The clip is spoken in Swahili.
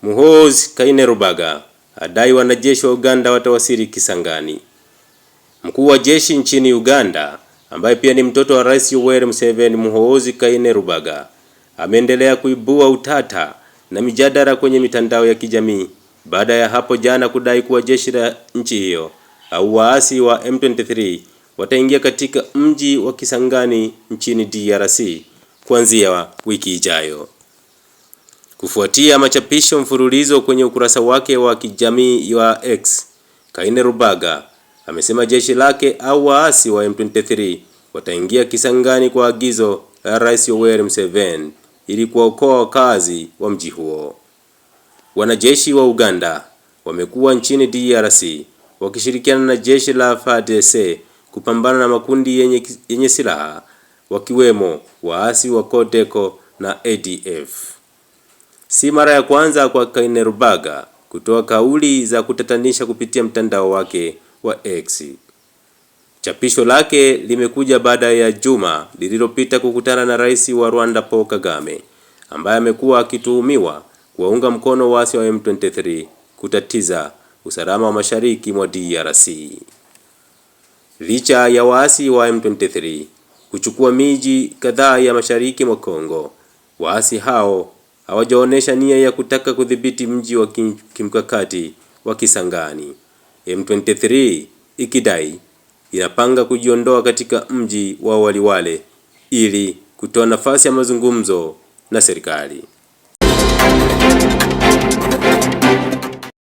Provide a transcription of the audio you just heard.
kaine Kainerubaga adai wanajeshi wa Uganda watawasili Kisangani. Mkuu wa jeshi nchini Uganda ambaye pia ni mtoto wa Rais Yoweri Museveni, kaine Kainerubaga ameendelea kuibua utata na mijadala kwenye mitandao ya kijamii baada ya hapo jana kudai kuwa jeshi la nchi hiyo au waasi wa M23 wataingia katika mji wa Kisangani nchini DRC kuanzia wiki ijayo. Kufuatia machapisho mfululizo kwenye ukurasa wake wa kijamii wa X, Kaine Rubaga amesema jeshi lake au waasi wa M23 wataingia Kisangani kwa agizo la Rais Yoweri Museveni ili kuwaokoa wakazi wa mji huo. Wanajeshi wa Uganda wamekuwa nchini DRC wakishirikiana na jeshi la FARDC kupambana na makundi yenye, yenye silaha wakiwemo waasi wa Kodeko na ADF. Si mara ya kwanza kwa Kainerubaga kutoa kauli za kutatanisha kupitia mtandao wake wa X. Chapisho lake limekuja baada ya juma lililopita kukutana na rais wa Rwanda Paul Kagame ambaye amekuwa akituhumiwa kuwaunga mkono waasi wa M23 kutatiza usalama wa mashariki mwa DRC. Licha ya waasi wa M23 kuchukua miji kadhaa ya mashariki mwa Kongo, waasi hao hawajaonesha nia ya kutaka kudhibiti mji wa kimkakati wa Kisangani. M23 ikidai inapanga kujiondoa katika mji wa Waliwale ili kutoa nafasi ya mazungumzo na serikali.